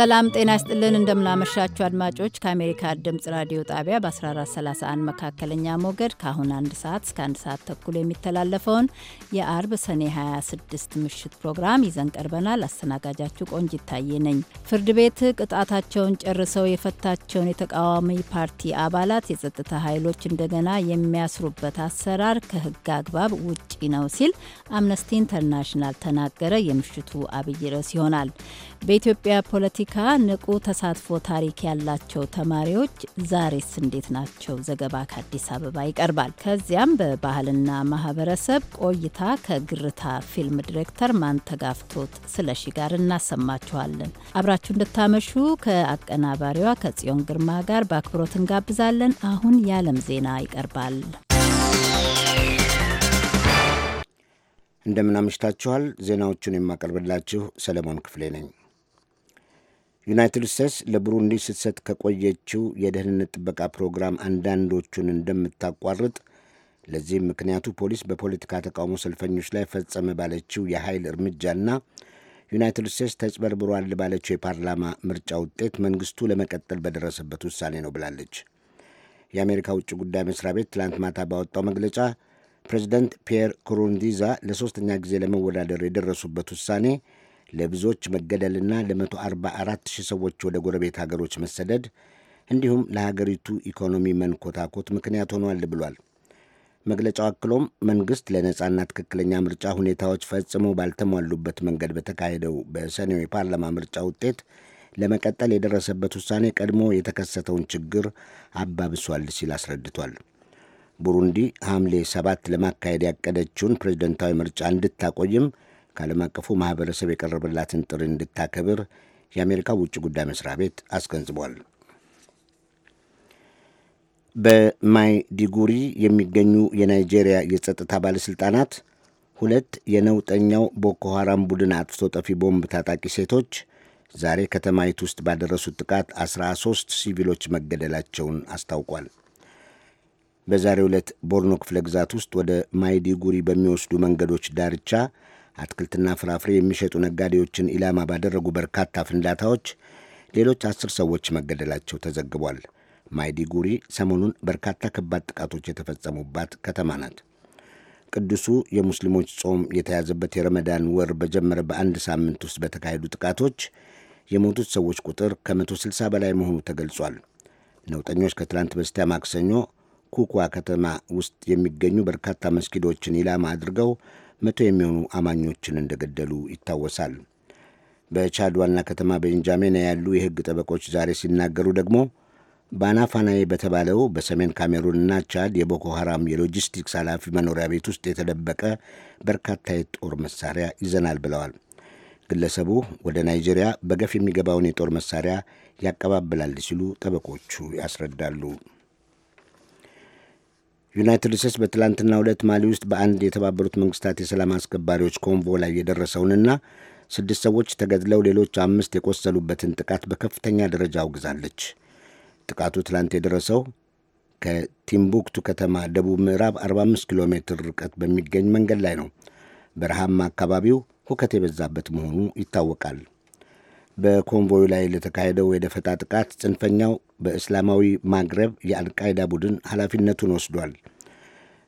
ሰላም ጤና ይስጥልን። እንደምናመሻችሁ አድማጮች ከአሜሪካ ድምፅ ራዲዮ ጣቢያ በ1431 መካከለኛ ሞገድ ከአሁን አንድ ሰዓት እስከ አንድ ሰዓት ተኩል የሚተላለፈውን የአርብ ሰኔ 26 ምሽት ፕሮግራም ይዘን ቀርበናል። አስተናጋጃችሁ ቆንጅ ይታየ ነኝ። ፍርድ ቤት ቅጣታቸውን ጨርሰው የፈታቸውን የተቃዋሚ ፓርቲ አባላት የጸጥታ ኃይሎች እንደገና የሚያስሩበት አሰራር ከህግ አግባብ ውጪ ነው ሲል አምነስቲ ኢንተርናሽናል ተናገረ። የምሽቱ አብይ ርዕስ ይሆናል። በኢትዮጵያ ፖለቲካ የአፍሪካ ንቁ ተሳትፎ ታሪክ ያላቸው ተማሪዎች ዛሬስ እንዴት ናቸው? ዘገባ ከአዲስ አበባ ይቀርባል። ከዚያም በባህልና ማህበረሰብ ቆይታ ከግርታ ፊልም ዲሬክተር ማንተጋፍቶት ስለሺ ጋር እናሰማችኋለን። አብራችሁ እንድታመሹ ከአቀናባሪዋ ከጽዮን ግርማ ጋር በአክብሮት እንጋብዛለን። አሁን የዓለም ዜና ይቀርባል። እንደምን ዜናዎቹን የማቀርብላችሁ ሰለሞን ክፍሌ ነኝ። ዩናይትድ ስቴትስ ለቡሩንዲ ስትሰጥ ከቆየችው የደህንነት ጥበቃ ፕሮግራም አንዳንዶቹን እንደምታቋርጥ ለዚህም ምክንያቱ ፖሊስ በፖለቲካ ተቃውሞ ሰልፈኞች ላይ ፈጸመ ባለችው የኃይል እርምጃና ዩናይትድ ስቴትስ ተጭበርብሯል ባለችው የፓርላማ ምርጫ ውጤት መንግስቱ ለመቀጠል በደረሰበት ውሳኔ ነው ብላለች። የአሜሪካ ውጭ ጉዳይ መስሪያ ቤት ትላንት ማታ ባወጣው መግለጫ ፕሬዚደንት ፒየር ኩሩንዲዛ ለሶስተኛ ጊዜ ለመወዳደር የደረሱበት ውሳኔ ለብዙዎች መገደልና ለ144 ሰዎች ወደ ጎረቤት ሀገሮች መሰደድ እንዲሁም ለሀገሪቱ ኢኮኖሚ መንኮታኮት ምክንያት ሆኗል ብሏል። መግለጫው አክሎም መንግሥት ለነጻና ትክክለኛ ምርጫ ሁኔታዎች ፈጽሞ ባልተሟሉበት መንገድ በተካሄደው በሰኔው የፓርላማ ምርጫ ውጤት ለመቀጠል የደረሰበት ውሳኔ ቀድሞ የተከሰተውን ችግር አባብሷል ሲል አስረድቷል። ቡሩንዲ ሐምሌ ሰባት ለማካሄድ ያቀደችውን ፕሬዝደንታዊ ምርጫ እንድታቆይም ከዓለም አቀፉ ማህበረሰብ የቀረበላትን ጥሪ እንድታከብር የአሜሪካ ውጭ ጉዳይ መስሪያ ቤት አስገንዝቧል። በማይዲጉሪ የሚገኙ የናይጄሪያ የጸጥታ ባለሥልጣናት ሁለት የነውጠኛው ቦኮ ሐራም ቡድን አጥፍቶ ጠፊ ቦምብ ታጣቂ ሴቶች ዛሬ ከተማይቱ ውስጥ ባደረሱት ጥቃት 13 ሲቪሎች መገደላቸውን አስታውቋል። በዛሬ ዕለት ቦርኖ ክፍለ ግዛት ውስጥ ወደ ማይዲጉሪ በሚወስዱ መንገዶች ዳርቻ አትክልትና ፍራፍሬ የሚሸጡ ነጋዴዎችን ኢላማ ባደረጉ በርካታ ፍንዳታዎች ሌሎች አስር ሰዎች መገደላቸው ተዘግቧል። ማይዲጉሪ ሰሞኑን በርካታ ከባድ ጥቃቶች የተፈጸሙባት ከተማ ናት። ቅዱሱ የሙስሊሞች ጾም የተያዘበት የረመዳን ወር በጀመረ በአንድ ሳምንት ውስጥ በተካሄዱ ጥቃቶች የሞቱት ሰዎች ቁጥር ከ160 በላይ መሆኑ ተገልጿል። ነውጠኞች ከትላንት በስቲያ ማክሰኞ ኩኳ ከተማ ውስጥ የሚገኙ በርካታ መስጊዶችን ኢላማ አድርገው መቶ የሚሆኑ አማኞችን እንደገደሉ ይታወሳል። በቻድ ዋና ከተማ ቤንጃሜና ያሉ የሕግ ጠበቆች ዛሬ ሲናገሩ ደግሞ ባናፋናዬ በተባለው በሰሜን ካሜሩንና ቻድ የቦኮ ሐራም የሎጂስቲክስ ኃላፊ መኖሪያ ቤት ውስጥ የተደበቀ በርካታ የጦር መሳሪያ ይዘናል ብለዋል። ግለሰቡ ወደ ናይጄሪያ በገፍ የሚገባውን የጦር መሳሪያ ያቀባብላል ሲሉ ጠበቆቹ ያስረዳሉ። ዩናይትድ ስቴትስ በትላንትና ሁለት ማሊ ውስጥ በአንድ የተባበሩት መንግስታት የሰላም አስከባሪዎች ኮንቮ ላይ የደረሰውንና ስድስት ሰዎች ተገድለው ሌሎች አምስት የቆሰሉበትን ጥቃት በከፍተኛ ደረጃ አውግዛለች። ጥቃቱ ትላንት የደረሰው ከቲምቡክቱ ከተማ ደቡብ ምዕራብ 45 ኪሎ ሜትር ርቀት በሚገኝ መንገድ ላይ ነው። በረሃማ አካባቢው ሁከት የበዛበት መሆኑ ይታወቃል። በኮንቮዩ ላይ ለተካሄደው የደፈጣ ጥቃት ጽንፈኛው በእስላማዊ ማግረብ የአልቃይዳ ቡድን ኃላፊነቱን ወስዷል።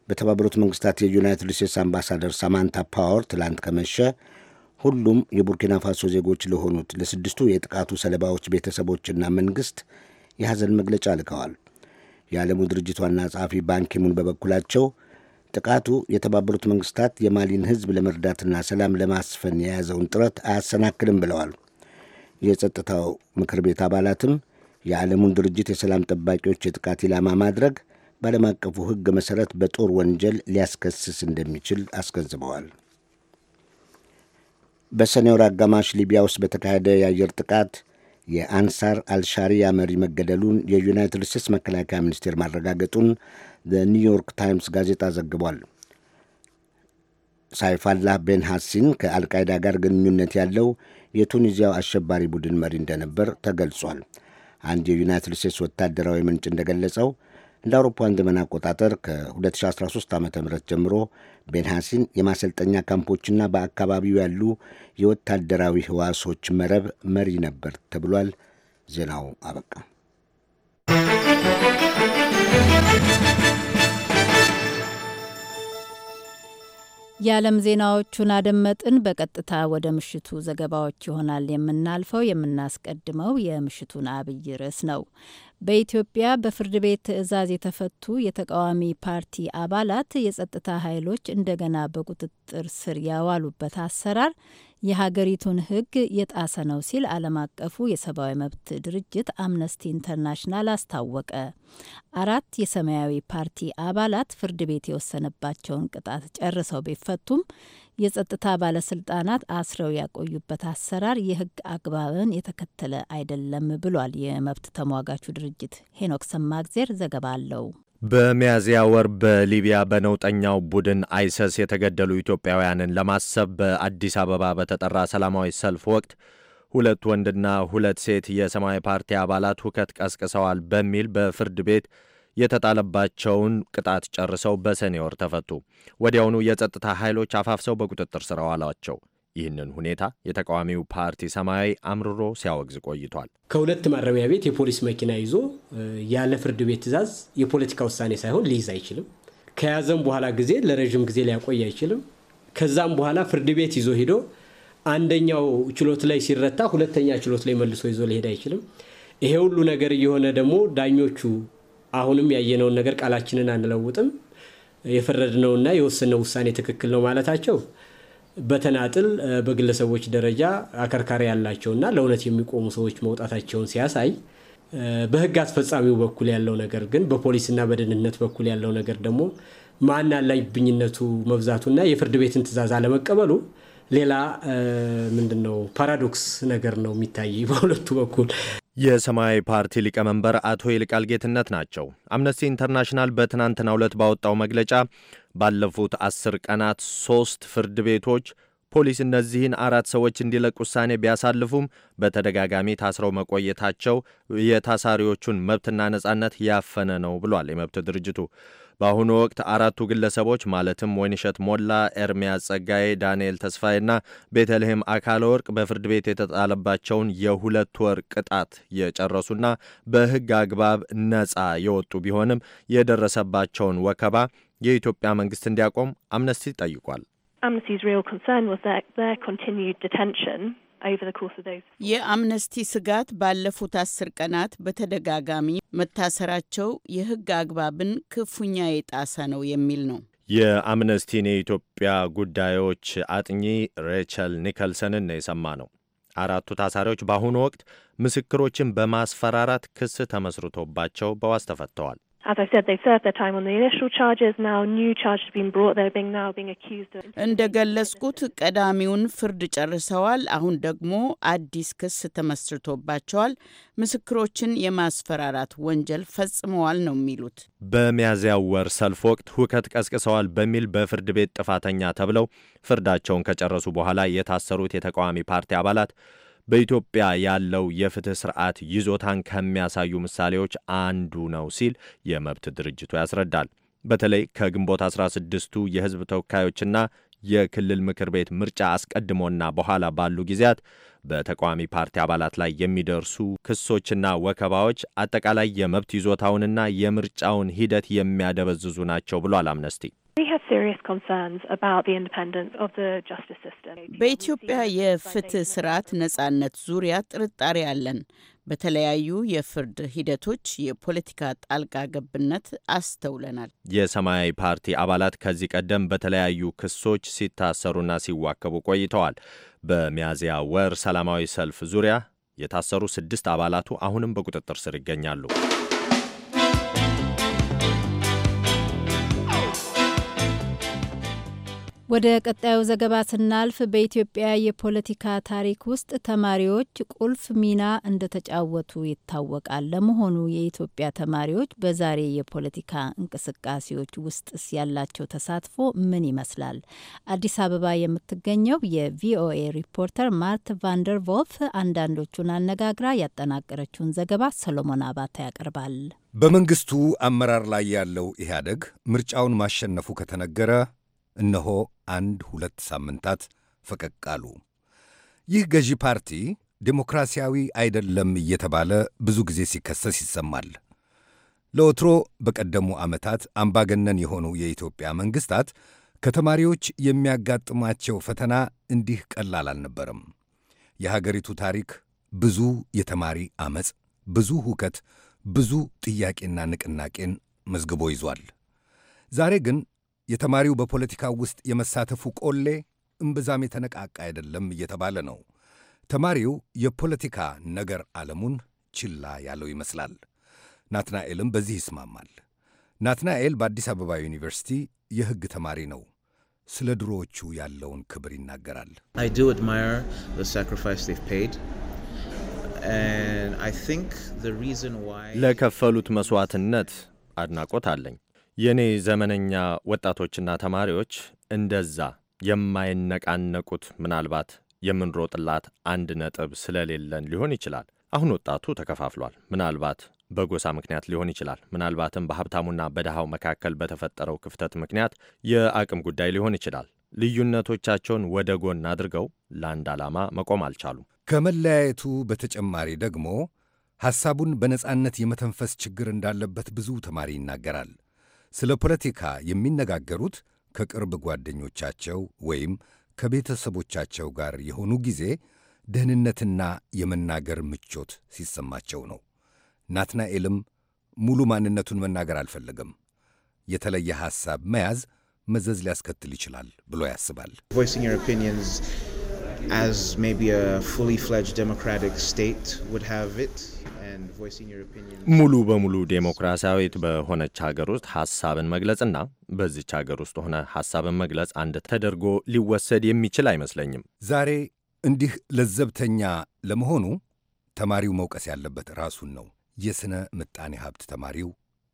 በተባበሩት መንግስታት የዩናይትድ ስቴትስ አምባሳደር ሳማንታ ፓወር ትላንት ከመሸ ሁሉም የቡርኪና ፋሶ ዜጎች ለሆኑት ለስድስቱ የጥቃቱ ሰለባዎች ቤተሰቦችና መንግስት የሐዘን መግለጫ ልከዋል። የዓለሙ ድርጅት ዋና ጸሐፊ ባንኪሙን በበኩላቸው ጥቃቱ የተባበሩት መንግስታት የማሊን ሕዝብ ለመርዳትና ሰላም ለማስፈን የያዘውን ጥረት አያሰናክልም ብለዋል። የጸጥታው ምክር ቤት አባላትም የዓለሙን ድርጅት የሰላም ጠባቂዎች የጥቃት ኢላማ ማድረግ በዓለም አቀፉ ሕግ መሠረት በጦር ወንጀል ሊያስከስስ እንደሚችል አስገንዝበዋል። በሰኔ ወር አጋማሽ ሊቢያ ውስጥ በተካሄደ የአየር ጥቃት የአንሳር አልሻሪያ መሪ መገደሉን የዩናይትድ ስቴትስ መከላከያ ሚኒስቴር ማረጋገጡን ኒውዮርክ ታይምስ ጋዜጣ ዘግቧል። ሳይፋላህ ቤን ሐሲን ከአልቃይዳ ጋር ግንኙነት ያለው የቱኒዚያው አሸባሪ ቡድን መሪ እንደነበር ተገልጿል። አንድ የዩናይትድ ስቴትስ ወታደራዊ ምንጭ እንደገለጸው እንደ አውሮፓውያን ዘመን አቆጣጠር ከ2013 ዓ ም ጀምሮ ቤንሃሲን የማሰልጠኛ ካምፖችና በአካባቢው ያሉ የወታደራዊ ህዋሶች መረብ መሪ ነበር ተብሏል። ዜናው አበቃ። የዓለም ዜናዎቹን አደመጥን። በቀጥታ ወደ ምሽቱ ዘገባዎች ይሆናል የምናልፈው። የምናስቀድመው የምሽቱን አብይ ርዕስ ነው። በኢትዮጵያ በፍርድ ቤት ትዕዛዝ የተፈቱ የተቃዋሚ ፓርቲ አባላት የጸጥታ ኃይሎች እንደገና በቁጥጥር ስር ያዋሉበት አሰራር የሀገሪቱን ሕግ የጣሰ ነው ሲል ዓለም አቀፉ የሰብአዊ መብት ድርጅት አምነስቲ ኢንተርናሽናል አስታወቀ። አራት የሰማያዊ ፓርቲ አባላት ፍርድ ቤት የወሰነባቸውን ቅጣት ጨርሰው ቢፈቱም የጸጥታ ባለስልጣናት አስረው ያቆዩበት አሰራር የሕግ አግባብን የተከተለ አይደለም ብሏል። የመብት ተሟጋቹ ድርጅት ሄኖክ ሰማግዜር ዘገባ አለው። በሚያዝያ ወር በሊቢያ በነውጠኛው ቡድን አይሰስ የተገደሉ ኢትዮጵያውያንን ለማሰብ በአዲስ አበባ በተጠራ ሰላማዊ ሰልፍ ወቅት ሁለት ወንድና ሁለት ሴት የሰማያዊ ፓርቲ አባላት ሁከት ቀስቅሰዋል በሚል በፍርድ ቤት የተጣለባቸውን ቅጣት ጨርሰው በሰኔ ወር ተፈቱ። ወዲያውኑ የጸጥታ ኃይሎች አፋፍሰው በቁጥጥር ስር አዋሏቸው። ይህንን ሁኔታ የተቃዋሚው ፓርቲ ሰማያዊ አምርሮ ሲያወግዝ ቆይቷል። ከሁለት ማረሚያ ቤት የፖሊስ መኪና ይዞ ያለ ፍርድ ቤት ትዕዛዝ የፖለቲካ ውሳኔ ሳይሆን ሊይዝ አይችልም። ከያዘም በኋላ ጊዜ ለረዥም ጊዜ ሊያቆይ አይችልም። ከዛም በኋላ ፍርድ ቤት ይዞ ሄዶ አንደኛው ችሎት ላይ ሲረታ ሁለተኛ ችሎት ላይ መልሶ ይዞ ሊሄድ አይችልም። ይሄ ሁሉ ነገር እየሆነ ደግሞ ዳኞቹ አሁንም ያየነውን ነገር ቃላችንን አንለውጥም፣ የፈረድነውና የወሰነው ውሳኔ ትክክል ነው ማለታቸው በተናጥል በግለሰቦች ደረጃ አከርካሪ ያላቸውና ለእውነት የሚቆሙ ሰዎች መውጣታቸውን ሲያሳይ በህግ አስፈጻሚው በኩል ያለው ነገር ግን በፖሊስና በደህንነት በኩል ያለው ነገር ደግሞ ማን አለብኝነቱ መብዛቱና የፍርድ ቤትን ትእዛዝ አለመቀበሉ ሌላ ምንድነው ፓራዶክስ ነገር ነው የሚታይ በሁለቱ በኩል። የሰማያዊ ፓርቲ ሊቀመንበር አቶ ይልቃል ጌትነት ናቸው። አምነስቲ ኢንተርናሽናል በትናንትናው ዕለት ባወጣው መግለጫ ባለፉት አስር ቀናት ሦስት ፍርድ ቤቶች ፖሊስ እነዚህን አራት ሰዎች እንዲለቅ ውሳኔ ቢያሳልፉም በተደጋጋሚ ታስረው መቆየታቸው የታሳሪዎቹን መብትና ነጻነት ያፈነ ነው ብሏል የመብት ድርጅቱ። በአሁኑ ወቅት አራቱ ግለሰቦች ማለትም ወይንሸት ሞላ፣ ኤርሚያስ ጸጋዬ፣ ዳንኤል ተስፋዬና ቤተልሔም አካለ ወርቅ በፍርድ ቤት የተጣለባቸውን የሁለት ወር ቅጣት የጨረሱና በሕግ አግባብ ነጻ የወጡ ቢሆንም የደረሰባቸውን ወከባ የኢትዮጵያ መንግስት እንዲያቆም አምነስቲ ጠይቋል። የአምነስቲ ስጋት ባለፉት አስር ቀናት በተደጋጋሚ መታሰራቸው የህግ አግባብን ክፉኛ የጣሰ ነው የሚል ነው። የአምነስቲን የኢትዮጵያ ጉዳዮች አጥኚ ሬቸል ኒከልሰንን ነው የሰማ ነው። አራቱ ታሳሪዎች በአሁኑ ወቅት ምስክሮችን በማስፈራራት ክስ ተመስርቶባቸው በዋስ ተፈተዋል። እንደ ቀዳሚውን ፍርድ ጨርሰዋል። አሁን ደግሞ አዲስ ክስ ተመስርቶባቸዋል። ምስክሮችን የማስፈራራት ወንጀል ፈጽመዋል ነው የሚሉት። በሚያዝያው ወር ሰልፍ ወቅት ሁከት ቀስቅሰዋል በሚል በፍርድ ቤት ጥፋተኛ ተብለው ፍርዳቸውን ከጨረሱ በኋላ የታሰሩት የተቃዋሚ ፓርቲ አባላት በኢትዮጵያ ያለው የፍትህ ስርዓት ይዞታን ከሚያሳዩ ምሳሌዎች አንዱ ነው ሲል የመብት ድርጅቱ ያስረዳል። በተለይ ከግንቦት 16ቱ የህዝብ ተወካዮችና የክልል ምክር ቤት ምርጫ አስቀድሞና በኋላ ባሉ ጊዜያት በተቃዋሚ ፓርቲ አባላት ላይ የሚደርሱ ክሶችና ወከባዎች አጠቃላይ የመብት ይዞታውንና የምርጫውን ሂደት የሚያደበዝዙ ናቸው ብሏል አምነስቲ። በኢትዮጵያ የፍትህ ስርዓት ነጻነት ዙሪያ ጥርጣሬ አለን። በተለያዩ የፍርድ ሂደቶች የፖለቲካ ጣልቃ ገብነት አስተውለናል። የሰማያዊ ፓርቲ አባላት ከዚህ ቀደም በተለያዩ ክሶች ሲታሰሩና ሲዋከቡ ቆይተዋል። በሚያዝያ ወር ሰላማዊ ሰልፍ ዙሪያ የታሰሩ ስድስት አባላቱ አሁንም በቁጥጥር ስር ይገኛሉ። ወደ ቀጣዩ ዘገባ ስናልፍ በኢትዮጵያ የፖለቲካ ታሪክ ውስጥ ተማሪዎች ቁልፍ ሚና እንደተጫወቱ ይታወቃል። ለመሆኑ የኢትዮጵያ ተማሪዎች በዛሬ የፖለቲካ እንቅስቃሴዎች ውስጥ ያላቸው ተሳትፎ ምን ይመስላል? አዲስ አበባ የምትገኘው የቪኦኤ ሪፖርተር ማርት ቫንደር ቮልፍ አንዳንዶቹን አነጋግራ ያጠናቀረችውን ዘገባ ሰሎሞን አባታ ያቀርባል። በመንግስቱ አመራር ላይ ያለው ኢህአደግ ምርጫውን ማሸነፉ ከተነገረ እነሆ አንድ ሁለት ሳምንታት ፈቀቅ አሉ። ይህ ገዢ ፓርቲ ዴሞክራሲያዊ አይደለም እየተባለ ብዙ ጊዜ ሲከሰስ ይሰማል። ለወትሮ በቀደሙ ዓመታት አምባገነን የሆኑ የኢትዮጵያ መንግሥታት ከተማሪዎች የሚያጋጥማቸው ፈተና እንዲህ ቀላል አልነበረም። የሀገሪቱ ታሪክ ብዙ የተማሪ ዐመፅ፣ ብዙ ሁከት፣ ብዙ ጥያቄና ንቅናቄን መዝግቦ ይዟል። ዛሬ ግን የተማሪው በፖለቲካ ውስጥ የመሳተፉ ቆሌ እምብዛም የተነቃቃ አይደለም እየተባለ ነው። ተማሪው የፖለቲካ ነገር ዓለሙን ችላ ያለው ይመስላል። ናትናኤልም በዚህ ይስማማል። ናትናኤል በአዲስ አበባ ዩኒቨርሲቲ የሕግ ተማሪ ነው። ስለ ድሮዎቹ ያለውን ክብር ይናገራል። ለከፈሉት መሥዋዕትነት አድናቆት አለኝ። የእኔ ዘመነኛ ወጣቶችና ተማሪዎች እንደዛ የማይነቃነቁት ምናልባት የምንሮጥላት አንድ ነጥብ ስለሌለን ሊሆን ይችላል። አሁን ወጣቱ ተከፋፍሏል። ምናልባት በጎሳ ምክንያት ሊሆን ይችላል። ምናልባትም በሀብታሙና በድሃው መካከል በተፈጠረው ክፍተት ምክንያት የአቅም ጉዳይ ሊሆን ይችላል። ልዩነቶቻቸውን ወደ ጎን አድርገው ለአንድ ዓላማ መቆም አልቻሉም። ከመለያየቱ በተጨማሪ ደግሞ ሐሳቡን በነጻነት የመተንፈስ ችግር እንዳለበት ብዙ ተማሪ ይናገራል። ስለ ፖለቲካ የሚነጋገሩት ከቅርብ ጓደኞቻቸው ወይም ከቤተሰቦቻቸው ጋር የሆኑ ጊዜ ደህንነትና የመናገር ምቾት ሲሰማቸው ነው። ናትናኤልም ሙሉ ማንነቱን መናገር አልፈለገም። የተለየ ሐሳብ መያዝ መዘዝ ሊያስከትል ይችላል ብሎ ያስባል። as ሙሉ በሙሉ ዴሞክራሲያዊት በሆነች ሀገር ውስጥ ሀሳብን መግለጽና በዚች ሀገር ውስጥ ሆነ ሀሳብን መግለጽ አንድ ተደርጎ ሊወሰድ የሚችል አይመስለኝም። ዛሬ እንዲህ ለዘብተኛ ለመሆኑ ተማሪው መውቀስ ያለበት ራሱን ነው። የሥነ ምጣኔ ሀብት ተማሪው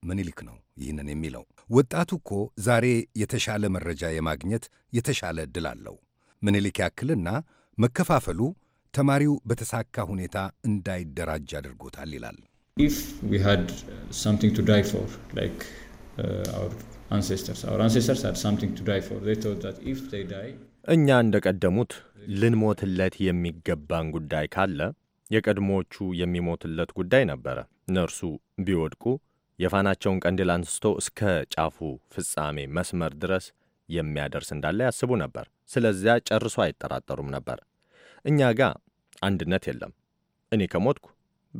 ምኒልክ ነው ይህንን የሚለው። ወጣቱ እኮ ዛሬ የተሻለ መረጃ የማግኘት የተሻለ ዕድል አለው። ምኒልክ ያክልና መከፋፈሉ ተማሪው በተሳካ ሁኔታ እንዳይደራጅ አድርጎታል ይላል። uh, እኛ እንደቀደሙት ልንሞትለት የሚገባን ጉዳይ ካለ የቀድሞዎቹ የሚሞትለት ጉዳይ ነበረ። እነርሱ ቢወድቁ የፋናቸውን ቀንዲል አንስቶ እስከ ጫፉ ፍጻሜ መስመር ድረስ የሚያደርስ እንዳለ ያስቡ ነበር። ስለዚያ ጨርሶ አይጠራጠሩም ነበር። እኛ ጋ አንድነት የለም። እኔ ከሞትኩ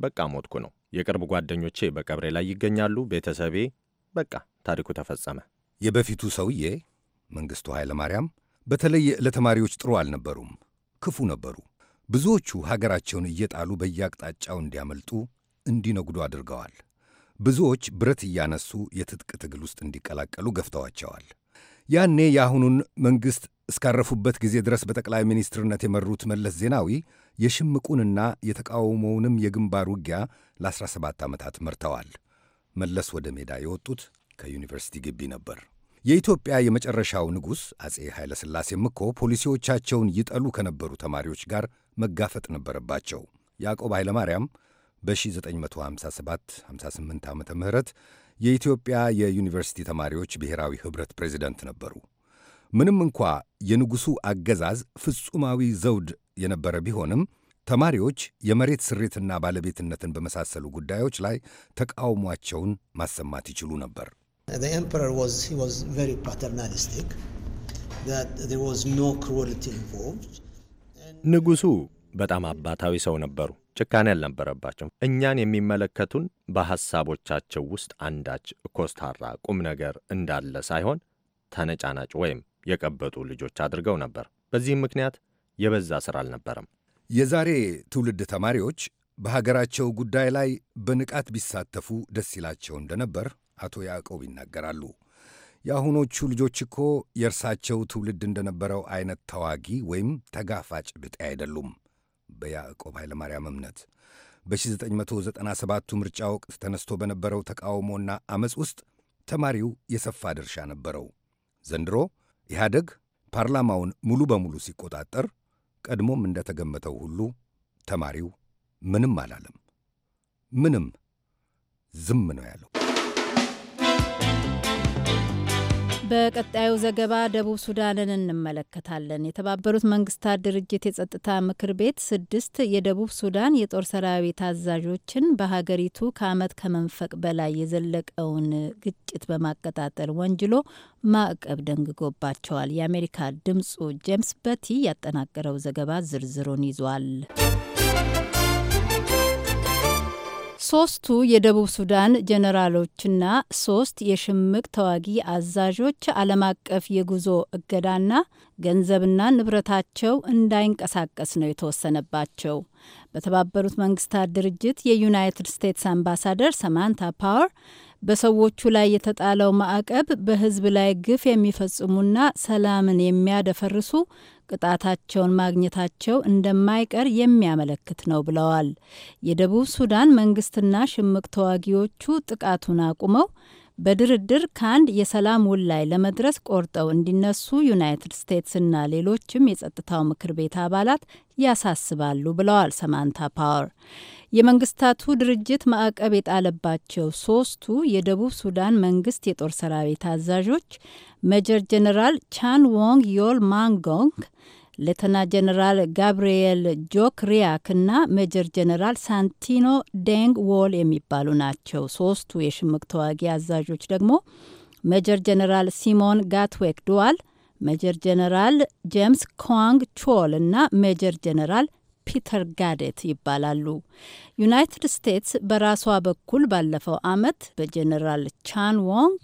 በቃ ሞትኩ ነው። የቅርብ ጓደኞቼ በቀብሬ ላይ ይገኛሉ። ቤተሰቤ በቃ ታሪኩ ተፈጸመ። የበፊቱ ሰውዬ መንግሥቱ ኃይለ ማርያም በተለይ ለተማሪዎች ጥሩ አልነበሩም፣ ክፉ ነበሩ። ብዙዎቹ ሀገራቸውን እየጣሉ በየአቅጣጫው እንዲያመልጡ እንዲነጉዱ አድርገዋል። ብዙዎች ብረት እያነሱ የትጥቅ ትግል ውስጥ እንዲቀላቀሉ ገፍተዋቸዋል። ያኔ የአሁኑን መንግሥት እስካረፉበት ጊዜ ድረስ በጠቅላይ ሚኒስትርነት የመሩት መለስ ዜናዊ የሽምቁንና የተቃውሞውንም የግንባር ውጊያ ለ17 ዓመታት መርተዋል። መለስ ወደ ሜዳ የወጡት ከዩኒቨርሲቲ ግቢ ነበር። የኢትዮጵያ የመጨረሻው ንጉሥ አጼ ኃይለሥላሴም እኮ ፖሊሲዎቻቸውን ይጠሉ ከነበሩ ተማሪዎች ጋር መጋፈጥ ነበረባቸው። ያዕቆብ ኃይለማርያም በ1957 58 ዓ ም የኢትዮጵያ የዩኒቨርሲቲ ተማሪዎች ብሔራዊ ኅብረት ፕሬዚደንት ነበሩ። ምንም እንኳ የንጉሡ አገዛዝ ፍጹማዊ ዘውድ የነበረ ቢሆንም ተማሪዎች የመሬት ስሪትና ባለቤትነትን በመሳሰሉ ጉዳዮች ላይ ተቃውሟቸውን ማሰማት ይችሉ ነበር። ንጉሡ በጣም አባታዊ ሰው ነበሩ። ጭካኔ አልነበረባቸው። እኛን የሚመለከቱን በሐሳቦቻቸው ውስጥ አንዳች ኮስታራ ቁም ነገር እንዳለ ሳይሆን ተነጫናጭ ወይም የቀበጡ ልጆች አድርገው ነበር። በዚህም ምክንያት የበዛ ሥራ አልነበረም። የዛሬ ትውልድ ተማሪዎች በሀገራቸው ጉዳይ ላይ በንቃት ቢሳተፉ ደስ ይላቸው እንደነበር አቶ ያዕቆብ ይናገራሉ። የአሁኖቹ ልጆች እኮ የእርሳቸው ትውልድ እንደነበረው አይነት ተዋጊ ወይም ተጋፋጭ ብጤ አይደሉም። በያዕቆብ ኃይለማርያም እምነት በ1997ቱ ምርጫ ወቅት ተነስቶ በነበረው ተቃውሞና ዐመፅ ውስጥ ተማሪው የሰፋ ድርሻ ነበረው። ዘንድሮ ኢህአደግ ፓርላማውን ሙሉ በሙሉ ሲቆጣጠር ቀድሞም እንደተገመተው ሁሉ ተማሪው ምንም አላለም። ምንም ዝም ነው ያለው። በቀጣዩ ዘገባ ደቡብ ሱዳንን እንመለከታለን። የተባበሩት መንግስታት ድርጅት የጸጥታ ምክር ቤት ስድስት የደቡብ ሱዳን የጦር ሰራዊት አዛዦችን በሀገሪቱ ከዓመት ከመንፈቅ በላይ የዘለቀውን ግጭት በማቀጣጠል ወንጅሎ ማዕቀብ ደንግጎባቸዋል። የአሜሪካ ድምጹ ጄምስ በቲ ያጠናቀረው ዘገባ ዝርዝሩን ይዟል። ሶስቱ የደቡብ ሱዳን ጀነራሎችና ሶስት የሽምቅ ተዋጊ አዛዦች ዓለም አቀፍ የጉዞ እገዳና ገንዘብና ንብረታቸው እንዳይንቀሳቀስ ነው የተወሰነባቸው። በተባበሩት መንግስታት ድርጅት የዩናይትድ ስቴትስ አምባሳደር ሰማንታ ፓወር በሰዎቹ ላይ የተጣለው ማዕቀብ በህዝብ ላይ ግፍ የሚፈጽሙና ሰላምን የሚያደፈርሱ ቅጣታቸውን ማግኘታቸው እንደማይቀር የሚያመለክት ነው ብለዋል። የደቡብ ሱዳን መንግስትና ሽምቅ ተዋጊዎቹ ጥቃቱን አቁመው በድርድር ከአንድ የሰላም ውል ላይ ለመድረስ ቆርጠው እንዲነሱ ዩናይትድ ስቴትስና ሌሎችም የጸጥታው ምክር ቤት አባላት ያሳስባሉ ብለዋል ሰማንታ ፓወር። የመንግስታቱ ድርጅት ማዕቀብ የጣለባቸው ሶስቱ የደቡብ ሱዳን መንግስት የጦር ሰራዊት አዛዦች ሜጀር ጀነራል ቻን ዎንግ ዮል ማንጎንግ ሌተና ጀነራል ጋብርኤል ጆክ እና ሜጀር ጀነራል ሳንቲኖ ደንግ ዎል የሚባሉ ናቸው። ሶስቱ የሽምቅ ተዋጊ አዛዦች ደግሞ ሜጀር ጀነራል ሲሞን ጋትዌክ ዱዋል፣ ሜጀር ጀነራል ጄምስ ኮንግ ቾል እና ሜጀር ጀነራል ፒተር ጋዴት ይባላሉ። ዩናይትድ ስቴትስ በራሷ በኩል ባለፈው አመት በጀነራል ቻን ዎንግ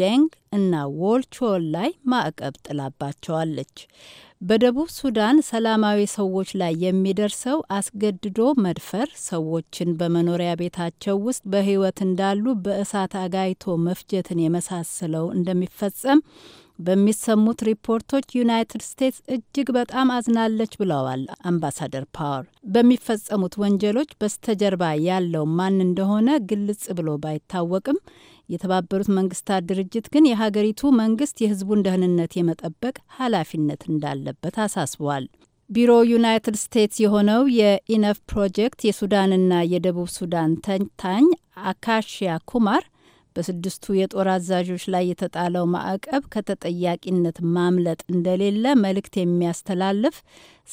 ዴንግ እና ዎልቾል ላይ ማዕቀብ ጥላባቸዋለች። በደቡብ ሱዳን ሰላማዊ ሰዎች ላይ የሚደርሰው አስገድዶ መድፈር ሰዎችን በመኖሪያ ቤታቸው ውስጥ በሕይወት እንዳሉ በእሳት አጋይቶ መፍጀትን የመሳሰለው እንደሚፈጸም በሚሰሙት ሪፖርቶች ዩናይትድ ስቴትስ እጅግ በጣም አዝናለች ብለዋል አምባሳደር ፓወር። በሚፈጸሙት ወንጀሎች በስተጀርባ ያለው ማን እንደሆነ ግልጽ ብሎ ባይታወቅም የተባበሩት መንግስታት ድርጅት ግን የሀገሪቱ መንግስት የህዝቡን ደህንነት የመጠበቅ ኃላፊነት እንዳለበት አሳስቧል። ቢሮ ዩናይትድ ስቴትስ የሆነው የኢነፍ ፕሮጀክት የሱዳንና የደቡብ ሱዳን ተንታኝ አካሽያ ኩማር በስድስቱ የጦር አዛዦች ላይ የተጣለው ማዕቀብ ከተጠያቂነት ማምለጥ እንደሌለ መልእክት የሚያስተላልፍ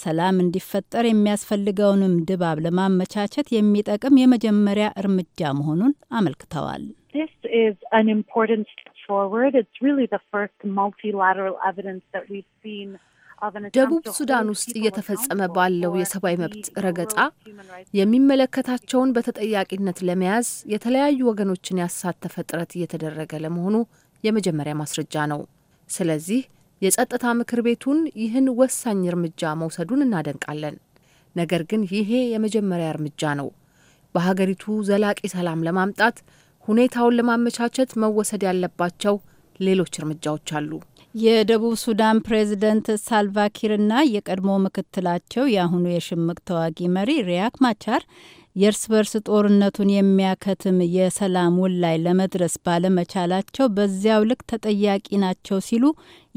ሰላም እንዲፈጠር የሚያስፈልገውንም ድባብ ለማመቻቸት የሚጠቅም የመጀመሪያ እርምጃ መሆኑን አመልክተዋል። ሲን። ደቡብ ሱዳን ውስጥ እየተፈጸመ ባለው የሰብአዊ መብት ረገጣ የሚመለከታቸውን በተጠያቂነት ለመያዝ የተለያዩ ወገኖችን ያሳተፈ ጥረት እየተደረገ ለመሆኑ የመጀመሪያ ማስረጃ ነው። ስለዚህ የጸጥታ ምክር ቤቱን ይህን ወሳኝ እርምጃ መውሰዱን እናደንቃለን። ነገር ግን ይሄ የመጀመሪያ እርምጃ ነው። በሀገሪቱ ዘላቂ ሰላም ለማምጣት ሁኔታውን ለማመቻቸት መወሰድ ያለባቸው ሌሎች እርምጃዎች አሉ። የደቡብ ሱዳን ፕሬዝደንት ሳልቫኪርና የቀድሞ ምክትላቸው የአሁኑ የሽምቅ ተዋጊ መሪ ሪያክ ማቻር የእርስ በርስ ጦርነቱን የሚያከትም የሰላም ውል ላይ ለመድረስ ባለመቻላቸው በዚያው ልክ ተጠያቂ ናቸው ሲሉ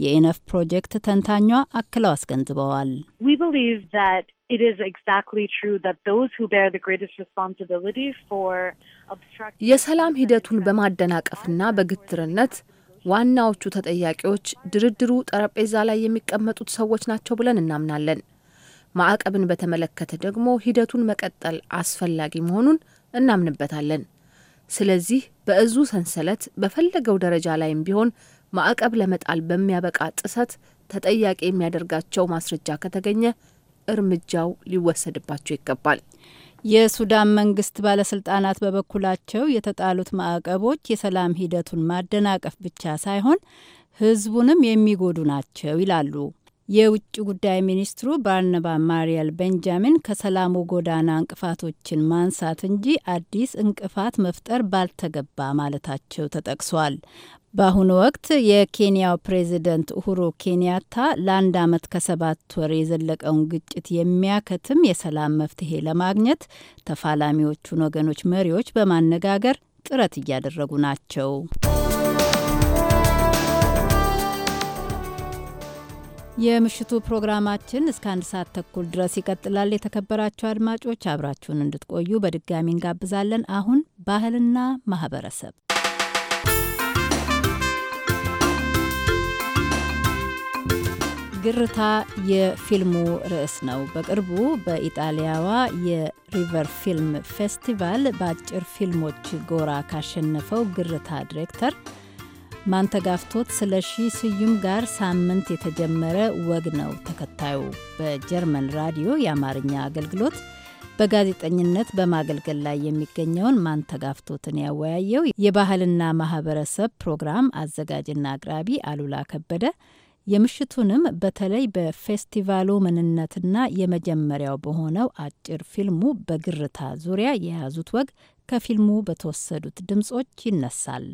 የኢነፍ ፕሮጀክት ተንታኟ አክለው አስገንዝበዋል። የሰላም ሂደቱን በማደናቀፍና በግትርነት ዋናዎቹ ተጠያቂዎች ድርድሩ ጠረጴዛ ላይ የሚቀመጡት ሰዎች ናቸው ብለን እናምናለን። ማዕቀብን በተመለከተ ደግሞ ሂደቱን መቀጠል አስፈላጊ መሆኑን እናምንበታለን። ስለዚህ በእዙ ሰንሰለት በፈለገው ደረጃ ላይም ቢሆን ማዕቀብ ለመጣል በሚያበቃ ጥሰት ተጠያቂ የሚያደርጋቸው ማስረጃ ከተገኘ እርምጃው ሊወሰድባቸው ይገባል። የሱዳን መንግስት ባለስልጣናት በበኩላቸው የተጣሉት ማዕቀቦች የሰላም ሂደቱን ማደናቀፍ ብቻ ሳይሆን ህዝቡንም የሚጎዱ ናቸው ይላሉ። የውጭ ጉዳይ ሚኒስትሩ ባርነባ ማሪያል ቤንጃሚን ከሰላሙ ጎዳና እንቅፋቶችን ማንሳት እንጂ አዲስ እንቅፋት መፍጠር ባልተገባ ማለታቸው ተጠቅሷል። በአሁኑ ወቅት የኬንያው ፕሬዚደንት ኡሁሩ ኬንያታ ለአንድ ዓመት ከሰባት ወር የዘለቀውን ግጭት የሚያከትም የሰላም መፍትሄ ለማግኘት ተፋላሚዎቹን ወገኖች መሪዎች በማነጋገር ጥረት እያደረጉ ናቸው። የምሽቱ ፕሮግራማችን እስከ አንድ ሰዓት ተኩል ድረስ ይቀጥላል። የተከበራችሁ አድማጮች አብራችሁን እንድትቆዩ በድጋሚ እንጋብዛለን። አሁን ባህልና ማህበረሰብ ግርታ የፊልሙ ርዕስ ነው። በቅርቡ በኢጣሊያዋ የሪቨር ፊልም ፌስቲቫል በአጭር ፊልሞች ጎራ ካሸነፈው ግርታ ዲሬክተር ማንተጋፍቶት ስለሺ ስዩም ጋር ሳምንት የተጀመረ ወግ ነው ተከታዩ። በጀርመን ራዲዮ የአማርኛ አገልግሎት በጋዜጠኝነት በማገልገል ላይ የሚገኘውን ማንተጋፍቶትን ያወያየው የባህልና ማህበረሰብ ፕሮግራም አዘጋጅና አቅራቢ አሉላ ከበደ የምሽቱንም በተለይ በፌስቲቫሉ ምንነትና የመጀመሪያው በሆነው አጭር ፊልሙ በግርታ ዙሪያ የያዙት ወግ ከፊልሙ በተወሰዱት ድምጾች ይነሳል።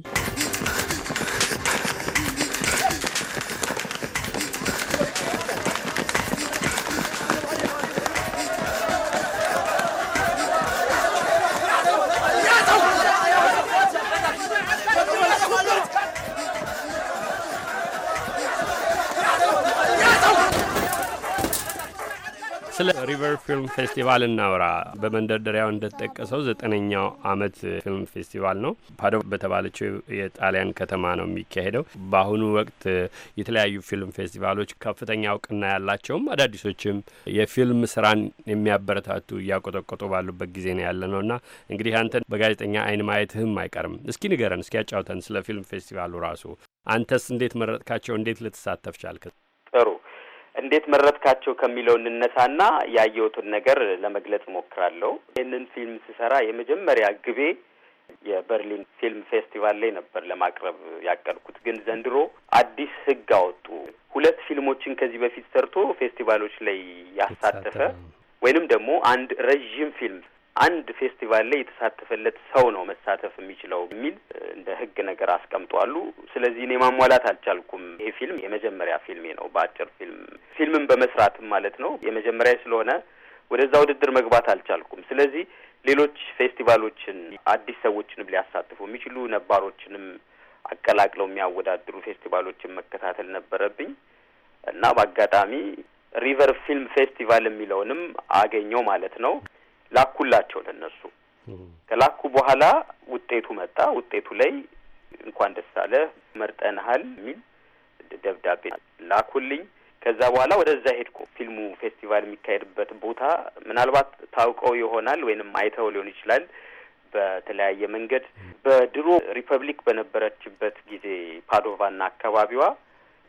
ስለ ሪቨር ፊልም ፌስቲቫል እናውራ። በመንደርደሪያው እንደተጠቀሰው ዘጠነኛው አመት ፊልም ፌስቲቫል ነው። ፓዶ በተባለችው የጣሊያን ከተማ ነው የሚካሄደው። በአሁኑ ወቅት የተለያዩ ፊልም ፌስቲቫሎች ከፍተኛ እውቅና ያላቸውም አዳዲሶችም የፊልም ስራን የሚያበረታቱ እያቆጠቆጡ ባሉበት ጊዜ ነው ያለ እና እንግዲህ አንተን በጋዜጠኛ አይን ማየትህም አይቀርም። እስኪ ንገረን፣ እስኪ ያጫውተን ስለ ፊልም ፌስቲቫሉ ራሱ። አንተስ እንዴት መረጥካቸው? እንዴት ልትሳተፍ ቻልክ? እንዴት መረጥካቸው ከሚለው እንነሳና ያየሁትን ነገር ለመግለጽ ሞክራለሁ። ይህንን ፊልም ስሰራ የመጀመሪያ ግቤ የበርሊን ፊልም ፌስቲቫል ላይ ነበር ለማቅረብ ያቀድኩት። ግን ዘንድሮ አዲስ ህግ አወጡ። ሁለት ፊልሞችን ከዚህ በፊት ሰርቶ ፌስቲቫሎች ላይ ያሳተፈ ወይንም ደግሞ አንድ ረዥም ፊልም አንድ ፌስቲቫል ላይ የተሳተፈለት ሰው ነው መሳተፍ የሚችለው የሚል እንደ ህግ ነገር አስቀምጧሉ። ስለዚህ እኔ ማሟላት አልቻልኩም። ይሄ ፊልም የመጀመሪያ ፊልሜ ነው። በአጭር ፊልም ፊልምን በመስራትም ማለት ነው የመጀመሪያ ስለሆነ ወደዛ ውድድር መግባት አልቻልኩም። ስለዚህ ሌሎች ፌስቲቫሎችን አዲስ ሰዎችንም ሊያሳትፉ የሚችሉ ነባሮችንም አቀላቅለው የሚያወዳድሩ ፌስቲቫሎችን መከታተል ነበረብኝ እና በአጋጣሚ ሪቨር ፊልም ፌስቲቫል የሚለውንም አገኘው ማለት ነው። ላኩላቸው ለነሱ። ከላኩ በኋላ ውጤቱ መጣ። ውጤቱ ላይ እንኳን ደስ አለህ መርጠንሃል የሚል ደብዳቤ ላኩልኝ። ከዛ በኋላ ወደዛ ሄድኩ። ፊልሙ ፌስቲቫል የሚካሄድበት ቦታ ምናልባት ታውቀው ይሆናል ወይንም አይተው ሊሆን ይችላል። በተለያየ መንገድ በድሮ ሪፐብሊክ በነበረችበት ጊዜ ፓዶቫና አካባቢዋ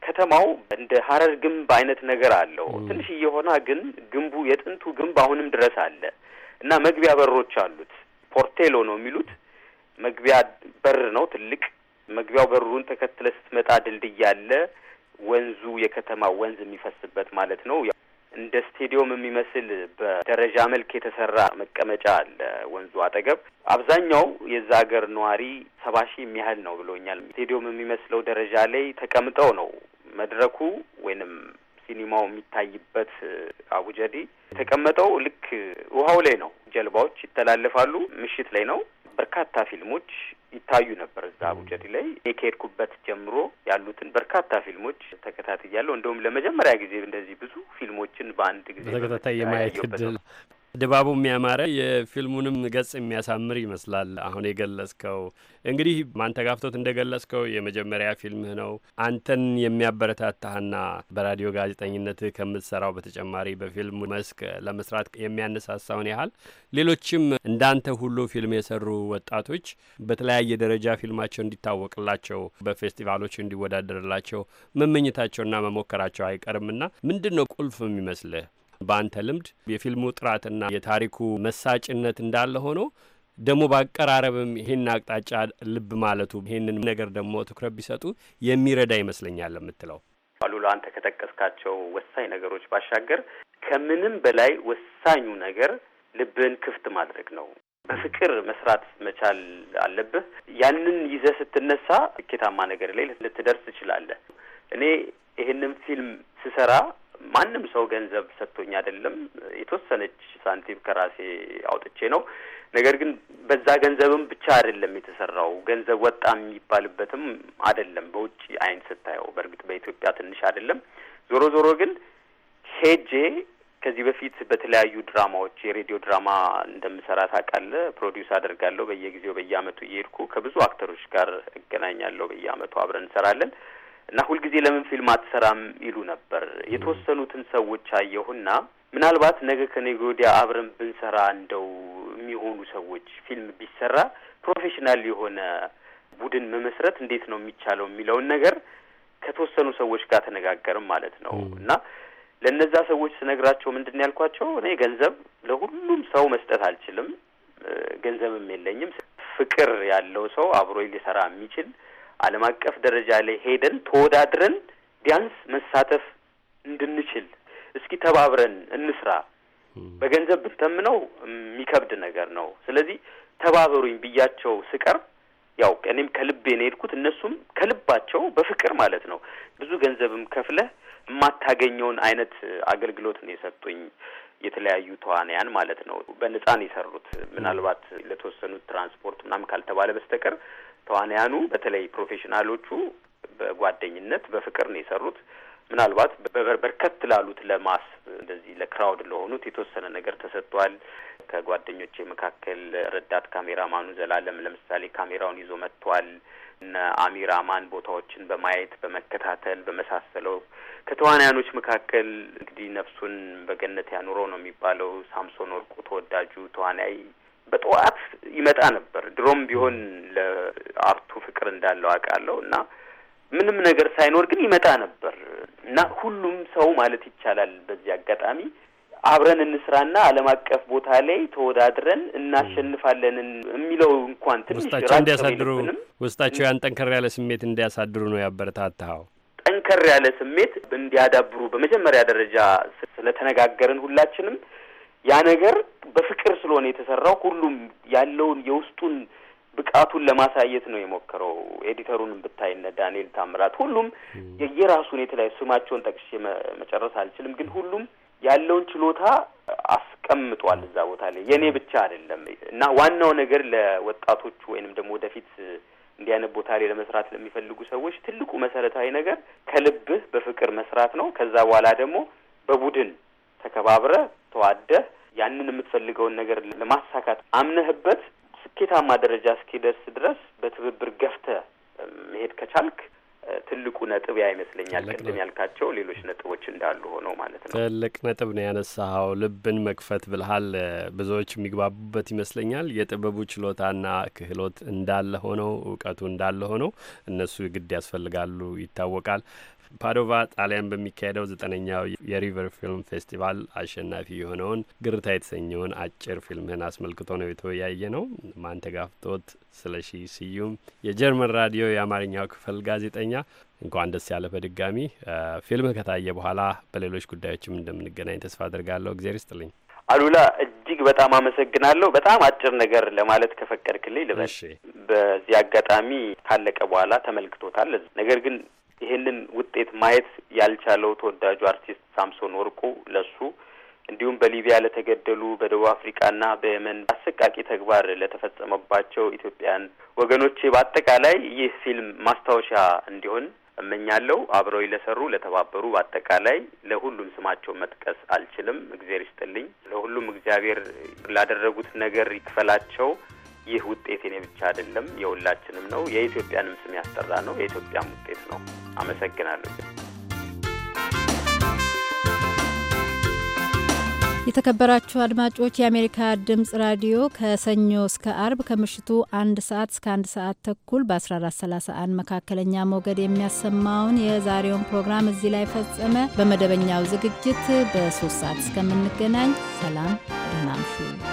ከተማው እንደ ሀረር ግንብ አይነት ነገር አለው። ትንሽ እየሆና ግን ግንቡ የጥንቱ ግንብ አሁንም ድረስ አለ። እና መግቢያ በሮች አሉት። ፖርቴሎ ነው የሚሉት መግቢያ በር ነው ትልቅ። መግቢያው በሩን ተከትለ ስትመጣ ድልድይ አለ። ወንዙ የከተማ ወንዝ የሚፈስበት ማለት ነው። እንደ ስቴዲዮም የሚመስል በደረጃ መልክ የተሰራ መቀመጫ አለ ወንዙ አጠገብ። አብዛኛው የዛ ሀገር ነዋሪ ሰባ ሺህ የሚያህል ነው ብሎኛል። ስቴዲዮም የሚመስለው ደረጃ ላይ ተቀምጠው ነው መድረኩ ወይንም ሲኒማው የሚታይበት አቡጀዲ የተቀመጠው ልክ ውሀው ላይ ነው። ጀልባዎች ይተላለፋሉ። ምሽት ላይ ነው። በርካታ ፊልሞች ይታዩ ነበር እዛ አቡጀዲ ላይ። እኔ ከሄድኩበት ጀምሮ ያሉትን በርካታ ፊልሞች ተከታትያለሁ። እንደውም ለመጀመሪያ ጊዜ እንደዚህ ብዙ ፊልሞችን በአንድ ጊዜ በተከታታይ የማየት እድል ድባቡ የሚያማረ የፊልሙንም ገጽ የሚያሳምር ይመስላል። አሁን የገለጽከው እንግዲህ ማንተጋፍቶት እንደገለጽከው የመጀመሪያ ፊልምህ ነው። አንተን የሚያበረታታህና በራዲዮ ጋዜጠኝነትህ ከምትሰራው በተጨማሪ በፊልሙ መስክ ለመስራት የሚያነሳሳውን ያህል ሌሎችም እንዳንተ ሁሉ ፊልም የሰሩ ወጣቶች በተለያየ ደረጃ ፊልማቸው እንዲታወቅላቸው፣ በፌስቲቫሎች እንዲወዳደርላቸው መመኘታቸውና መሞከራቸው አይቀርምና ምንድን ነው ቁልፍ የሚመስልህ? በአንተ ልምድ የፊልሙ ጥራትና የታሪኩ መሳጭነት እንዳለ ሆኖ ደግሞ በአቀራረብም ይህን አቅጣጫ ልብ ማለቱ ይህንን ነገር ደግሞ ትኩረት ቢሰጡ የሚረዳ ይመስለኛል የምትለው አሉላ፣ አንተ ከጠቀስካቸው ወሳኝ ነገሮች ባሻገር ከምንም በላይ ወሳኙ ነገር ልብን ክፍት ማድረግ ነው። በፍቅር መስራት መቻል አለብህ። ያንን ይዘህ ስትነሳ ስኬታማ ነገር ላይ ልትደርስ ትችላለህ። እኔ ይህንም ፊልም ስሰራ ማንም ሰው ገንዘብ ሰጥቶኝ አይደለም። የተወሰነች ሳንቲም ከራሴ አውጥቼ ነው። ነገር ግን በዛ ገንዘብም ብቻ አይደለም የተሰራው። ገንዘብ ወጣ የሚባልበትም አይደለም በውጭ አይን ስታየው። በእርግጥ በኢትዮጵያ ትንሽ አይደለም። ዞሮ ዞሮ ግን ሄጄ ከዚህ በፊት በተለያዩ ድራማዎች የሬዲዮ ድራማ እንደምሰራ ታውቃለህ። ፕሮዲውስ አደርጋለሁ በየጊዜው በየአመቱ እየሄድኩ ከብዙ አክተሮች ጋር እገናኛለሁ። በየአመቱ አብረን እንሰራለን። እና ሁልጊዜ ለምን ፊልም አትሰራም ይሉ ነበር። የተወሰኑትን ሰዎች አየሁና ምናልባት ነገ ከነገ ወዲያ አብረን ብንሰራ እንደው የሚሆኑ ሰዎች ፊልም ቢሰራ ፕሮፌሽናል የሆነ ቡድን መመስረት እንዴት ነው የሚቻለው የሚለውን ነገር ከተወሰኑ ሰዎች ጋር ተነጋገርም ማለት ነው። እና ለነዛ ሰዎች ስነግራቸው ምንድን ያልኳቸው እኔ ገንዘብ ለሁሉም ሰው መስጠት አልችልም፣ ገንዘብም የለኝም። ፍቅር ያለው ሰው አብሮ ሊሰራ የሚችል ዓለም አቀፍ ደረጃ ላይ ሄደን ተወዳድረን ቢያንስ መሳተፍ እንድንችል እስኪ ተባብረን እንስራ። በገንዘብ ብተምነው የሚከብድ ነገር ነው። ስለዚህ ተባበሩኝ ብያቸው ስቀርብ ያው እኔም ከልቤ ነው የሄድኩት፣ እነሱም ከልባቸው በፍቅር ማለት ነው። ብዙ ገንዘብም ከፍለህ የማታገኘውን አይነት አገልግሎት ነው የሰጡኝ። የተለያዩ ተዋንያን ማለት ነው። በነጻ ነው የሰሩት። ምናልባት ለተወሰኑት ትራንስፖርት ምናምን ካልተባለ በስተቀር ተዋንያኑ በተለይ ፕሮፌሽናሎቹ በጓደኝነት በፍቅር ነው የሰሩት። ምናልባት በርከት ላሉት ለማስ እንደዚህ ለክራውድ ለሆኑት የተወሰነ ነገር ተሰጥቷል። ከጓደኞች መካከል ረዳት ካሜራማኑ ዘላለም ለምሳሌ ካሜራውን ይዞ መጥቷል። እነ አሚር አማን ቦታዎችን በማየት በመከታተል በመሳሰለው ከተዋናያኖች መካከል እንግዲህ ነፍሱን በገነት ያኑረው ነው የሚባለው ሳምሶን ወርቁ ተወዳጁ ተዋናይ በጠዋት ይመጣ ነበር። ድሮም ቢሆን ለአርቱ ፍቅር እንዳለው አውቃለሁ እና ምንም ነገር ሳይኖር ግን ይመጣ ነበር እና ሁሉም ሰው ማለት ይቻላል በዚህ አጋጣሚ አብረን እንስራና ዓለም አቀፍ ቦታ ላይ ተወዳድረን እናሸንፋለን የሚለው እንኳን ትንሽ ውስጣቸው እንዲያሳድሩ ውስጣቸው ያን ጠንከር ያለ ስሜት እንዲያሳድሩ ነው ያበረታታው። ጠንከር ያለ ስሜት እንዲያዳብሩ በመጀመሪያ ደረጃ ስለተነጋገርን ሁላችንም ያ ነገር በፍቅር ስለሆነ የተሰራው ሁሉም ያለውን የውስጡን ብቃቱን ለማሳየት ነው የሞከረው። ኤዲተሩንም ብታይነ ዳንኤል ታምራት፣ ሁሉም የየራሱን የተለያዩ ስማቸውን ጠቅሼ መጨረስ አልችልም፣ ግን ሁሉም ያለውን ችሎታ አስቀምጧል እዛ ቦታ ላይ። የእኔ ብቻ አይደለም እና ዋናው ነገር ለወጣቶቹ ወይንም ደግሞ ወደፊት እንዲያነ ቦታ ላይ ለመስራት ለሚፈልጉ ሰዎች ትልቁ መሰረታዊ ነገር ከልብህ በፍቅር መስራት ነው። ከዛ በኋላ ደግሞ በቡድን ተከባብረህ ተዋደህ ያንን የምትፈልገውን ነገር ለማሳካት አምነህበት ስኬታማ ደረጃ እስኪደርስ ድረስ በትብብር ገፍተህ መሄድ ከቻልክ ትልቁ ነጥብ ያ ይመስለኛል። ቅድም ያልካቸው ሌሎች ነጥቦች እንዳሉ ሆነው ማለት ነው። ትልቅ ነጥብ ነው ያነሳኸው። ልብን መክፈት ብልሃል ብዙዎች የሚግባቡበት ይመስለኛል። የጥበቡ ችሎታና ክህሎት እንዳለ ሆነው እውቀቱ እንዳለ ሆነው እነሱ ግድ ያስፈልጋሉ ይታወቃል። ፓዶቫ ጣሊያን በሚካሄደው ዘጠነኛው የሪቨር ፊልም ፌስቲቫል አሸናፊ የሆነውን ግርታ የተሰኘውን አጭር ፊልምህን አስመልክቶ ነው የተወያየ ነው። ማንተጋፍቶት ስለሺ ስዩም የጀርመን ራዲዮ የአማርኛው ክፍል ጋዜጠኛ፣ እንኳን ደስ ያለ በድጋሚ ፊልምህ ከታየ በኋላ በሌሎች ጉዳዮችም እንደምንገናኝ ተስፋ አድርጋለሁ። እግዜር ይስጥልኝ። አሉላ እጅግ በጣም አመሰግናለሁ። በጣም አጭር ነገር ለማለት ከፈቀድክልኝ ልበል። በዚህ አጋጣሚ ካለቀ በኋላ ተመልክቶታል። ነገር ግን ይህንን ውጤት ማየት ያልቻለው ተወዳጁ አርቲስት ሳምሶን ወርቁ ለሱ እንዲሁም በሊቢያ ለተገደሉ በደቡብ አፍሪካና በየመን አሰቃቂ ተግባር ለተፈጸመባቸው ኢትዮጵያን ወገኖቼ በአጠቃላይ ይህ ፊልም ማስታወሻ እንዲሆን እመኛለሁ። አብረው ለሰሩ ለተባበሩ፣ በአጠቃላይ ለሁሉም ስማቸው መጥቀስ አልችልም። እግዜር ይስጥልኝ። ለሁሉም እግዚአብሔር ላደረጉት ነገር ይክፈላቸው። ይህ ውጤት የኔ ብቻ አይደለም፣ የሁላችንም ነው። የኢትዮጵያንም ስም ያስጠራ ነው። የኢትዮጵያም ውጤት ነው። አመሰግናለሁ። የተከበራችሁ አድማጮች የአሜሪካ ድምጽ ራዲዮ ከሰኞ እስከ አርብ ከምሽቱ አንድ ሰዓት እስከ አንድ ሰዓት ተኩል በ1431 መካከለኛ ሞገድ የሚያሰማውን የዛሬውን ፕሮግራም እዚህ ላይ ፈጸመ። በመደበኛው ዝግጅት በሶስት ሰዓት እስከምንገናኝ ሰላም፣ ደህና እምሹ።